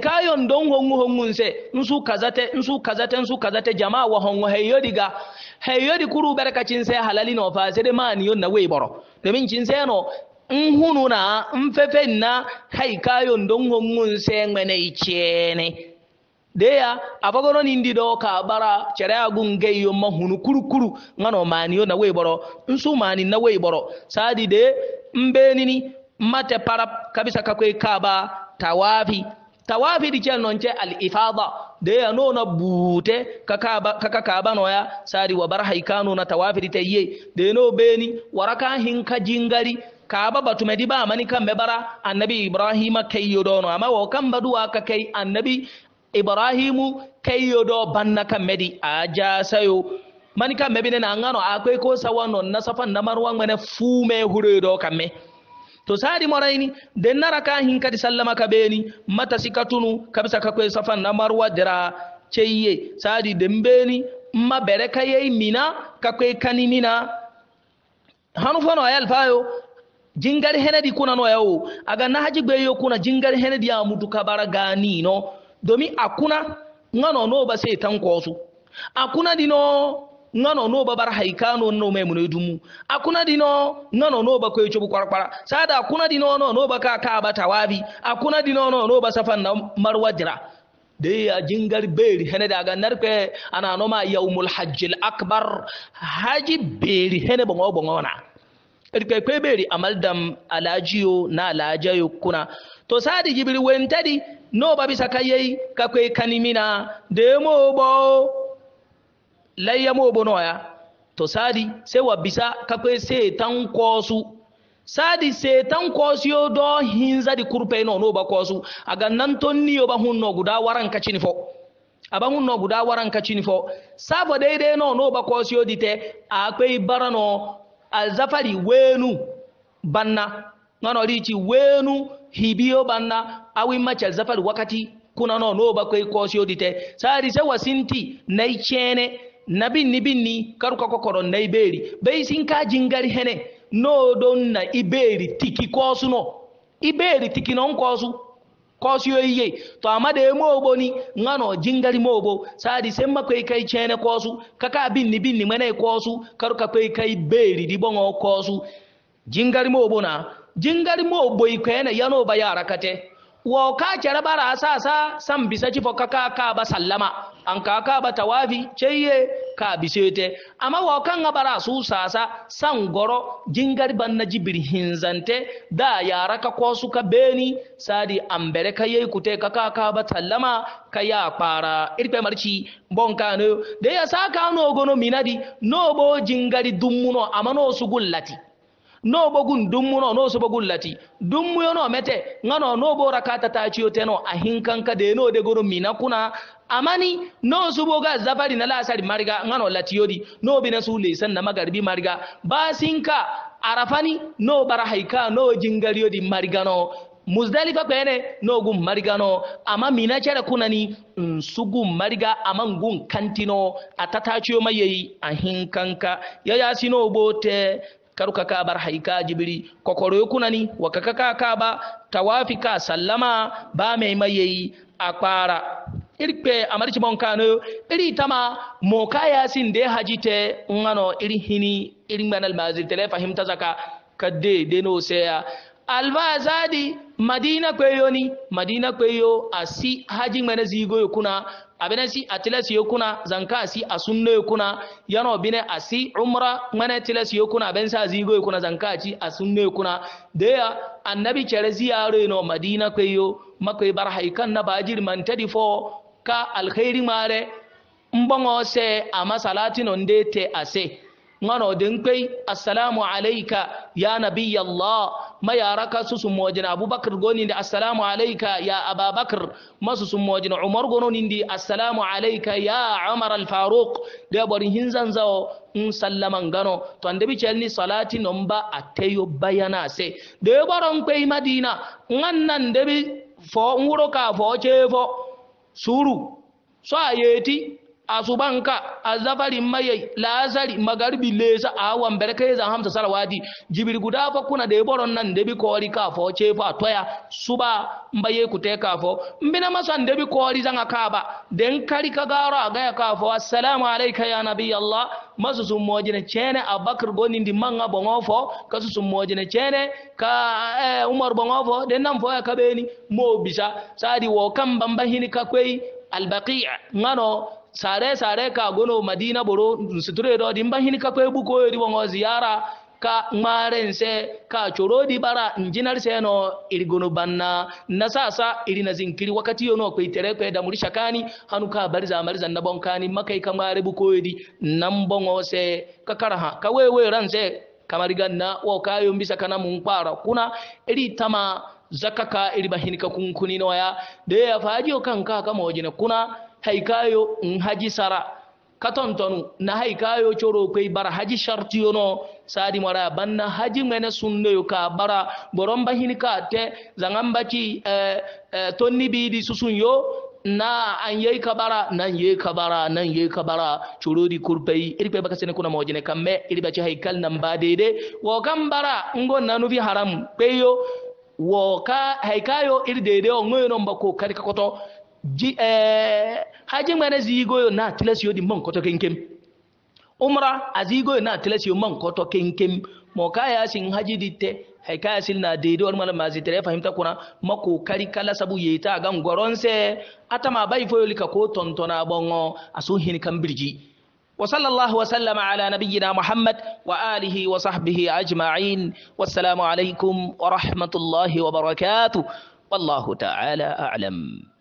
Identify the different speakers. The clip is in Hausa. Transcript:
Speaker 1: kayon don hongu hongun se nsu kazate nsu kazate nsu kazate jamaa wa hongu diga ga di kuru barkacin sai halali no fa sai ma ni yonna wei boro domin cin sai no in hunu na in fefe na hai kayon don hongun sai ngene ice ne deya abagono ni ndi do ka bara chere agun geyo ma hunu kuru kuru ngano ma ni yonna wei boro nsu ma ni na wei boro sadi de mbenini mate parap kabisa kakwe kaba tawafi tawafi di non nonce al da ya nuna bute kaka kabano ya sari wa bar nuna na di ta yiye da no beni waraka hinka jingari kaba batu medi ba mani kan bara annabi ibrahima kai yodono amma wa kan baduwa ka kai annabi ibrahimu kai yodo banna kan medi ja sayo mani kan mebi ne na ngano akwai ko sawa non na safan na marwan mene fume hure do kan me to sari moraini den nara ka hin kadi sallama ka beni mata sikatunu kabisa ka kwe safan na marwa dira ceye sadi den beni ma bere ka yei mina ka kwe kani mina hanu fano ayal fayo jingari henedi kuna no yawo aga na haji gbe kuna jingari henedi ya mutu kabara gani no domi akuna ngano no ba sai akuna dino ngano no babar haikano no mai munai dumu akuna dino ngano no ba koyo chubu kwarkwara sada akuna dino no no ba ka ka bata wabi akuna dino no no ba safan na marwajira dai ya jingar beri hene daga narpe ana no ma yaumul hajjil akbar haji beri hene bongo bongo na irkai kwe beri amaldam alajiyo na alajayo kuna to sadi jibiri wentadi no ba bisa kayyai kakwai kanimina demo bo layyamo bono ya to sadi se wa bisa kakwe setan kosu sadi setan kosu yo do hinza di kurpe no no ba kosu aga nan ton ni yo ba hunno guda waran kacini fo aba hunno guda waran ka kacini fo dai deide no no ba kosu yo dite akwai barano alzafari wenu banna ngano ci wenu hibiyo banna awi mace zafari wakati kuna no no ba kai kosu yo dite sadi se wasinti nai chene na binni binni ka kokoron na iberi bai sin ka jingari hene no don na iberi tiki kosu no iberi tiki non kosu kosu yoyiye to amma da ya mobo ni ngano jingari obo sadi semma ma kai kai chene kosu kaka binni binni mane kosu ka kai kai beri di bongo kosu jingari obo na jingari mobo na yano ba yara kate wa ka kere bara sa san bisa ci foka ka ka ba sallama an ka ka ba tawafi ceye ka bisete amma wa kan ga bara su sasa san goro jingar ban na jibir hinzante da yara ka ko suka beni sadi ambere ka yei kute ka ka ka ba sallama ka ya para irpe marci bon kano de ya ka no gono minadi no bo jingari dummuno amma no su gullati no bogun dummu no no so bogun lati dummu yo no mete ngano no bo rakata ta ciyo teno ahin kanka de no de goro mina kuna amani no subo ga zafari na lasari mariga ngano di, no bi na su lesan na magarbi mariga basinka arafani no bara haika no jingariyodi marigano muzdalifa kwene no gum marigano amma mina cere kunani su gun mariga aman gun kantino a tataciyo mayayi a hinkanka ya yasi no bote karuka ka bar haika jibiri kokoro kunani wa ka ka ba tawafi ka sallama ba mai mayayi a kwara irpe amarci bon kano iri tama mo kaya sin de hajite ngano iri hini iri manal mazir tele fahimta zaka kadde de no seya albazadi madina kweyoni madina kweyo asi haji mene zigo yukuna abene si atilesi yukuna zanka asi asunno yukuna yano bine asi umra mene tilesi yukuna aben zigo yukuna zanka aci asunno yukuna deya annabi cere ziyaro yino madina kweyo makwe bar haikan na bajir mantadi fo ka alkhairi mare mbongo se ama salatino ndete ase ngano kai assalamu alayka ya nabiy allah ma yaraka su sun mojin abubakar goni da assalamu alayka ya ababakar masu sun mojin umar goni di assalamu alayka ya umar al faruq da hin hinzan zawo in sallaman gano to an dabi ni salati ta yi bayana sai. da bari kai madina Wannan dabi fo wuro ka fo fo suru so ayeti asubanka azafari mayai lasari magarbi lesa awan berke za hamsa salawadi jibir guda fa kuna da boron nan da bi kori kafo ce fa toya suba mbaye kute kafo mbina masa da bi kori zan ka ba den kari ka garo ga ka fo assalamu alayka ya nabi allah masu sun mojine cene abakar goni ndi manga bongofo kasu sun mojine cene ka eh, umar bongofo den nan fo ya kabeni mo bisa sadi wo kan ka albaqi'a ngano sare sare ka gono madina boro suture do dimba hini ka kwe buko yori wongo ziyara ka mare nse ka choro di bara njinal seno no iri gono banna na sasa iri na zinkiri wakati yono kwe tere kwe da muri shakani hanu ka bariza mariza na kani makai ka mare buko yori nan bongo se ka karaha ka wewe ranse kamar ganna wa kayon bisa kana mun kuna iri tama zakaka iri bahini ka kunkuni noya da ya fajiyo kanka kama wajina kuna haykaayo n haji sara ka ton tonu na haykaayo coro koy bara haji sartiyo no sadim wara banna haji ŋene sunnoyo ka bara boromba hini ka te zaŋambaki eh, eh, tonni biidi susun yo na an yei ka bara nan yei ka bara nan yei ka bara corodi kurpeyi iri kpe baka sene kuna mojine kambe iri bace haykal nan ba dede wo kan bara ngo nanubi haram kpeyo wo ka haykaayo iri dede o ŋoyo nombako kadi ka koto ji eh haji ngana zigo na tilasiyo di mon koto kenkem umra azigo na tilasiyo mon koto kenkem mo kaya sin haji ditte hay kaya sil na dedo wal mala mazi tere fahimta kuna mako kari kala sabu yeta gan goronse atama bai foyo lika ko tontona bongo asu hin kan birji wa sallallahu wa sallama ala nabiyyina muhammad wa alihi wa sahbihi ajma'in wassalamu alaikum wa rahmatullahi wa barakatuh wallahu ta'ala a'lam